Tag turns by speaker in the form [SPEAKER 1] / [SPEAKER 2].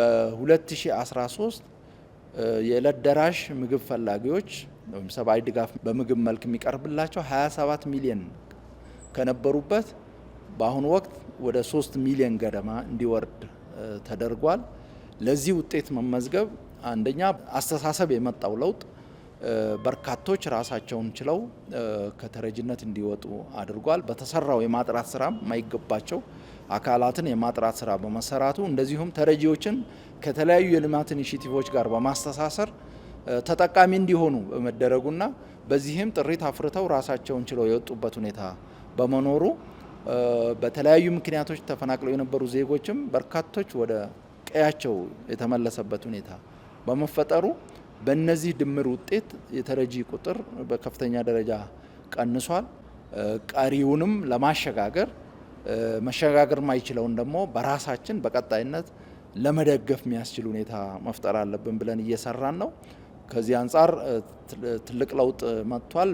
[SPEAKER 1] በ2013 የዕለት ደራሽ ምግብ ፈላጊዎች ወይም ሰብአዊ ድጋፍ በምግብ መልክ የሚቀርብላቸው 27 ሚሊዮን ከነበሩበት በአሁኑ ወቅት ወደ 3 ሚሊዮን ገደማ እንዲወርድ ተደርጓል። ለዚህ ውጤት መመዝገብ አንደኛ አስተሳሰብ የመጣው ለውጥ በርካቶች ራሳቸውን ችለው ከተረጅነት እንዲወጡ አድርጓል። በተሰራው የማጥራት ስራ የማይገባቸው አካላትን የማጥራት ስራ በመሰራቱ እንደዚሁም ተረጂዎችን ከተለያዩ የልማት ኢኒሽቲቮች ጋር በማስተሳሰር ተጠቃሚ እንዲሆኑ በመደረጉና በዚህም ጥሪት አፍርተው ራሳቸውን ችለው የወጡበት ሁኔታ በመኖሩ በተለያዩ ምክንያቶች ተፈናቅለው የነበሩ ዜጎችም በርካቶች ወደ ቀያቸው የተመለሰበት ሁኔታ በመፈጠሩ በእነዚህ ድምር ውጤት የተረጂ ቁጥር በከፍተኛ ደረጃ ቀንሷል። ቀሪውንም ለማሸጋገር መሸጋገር ማይችለውን ደግሞ በራሳችን በቀጣይነት ለመደገፍ የሚያስችል ሁኔታ መፍጠር አለብን ብለን እየሰራን ነው። ከዚህ አንጻር ትልቅ ለውጥ መጥቷል።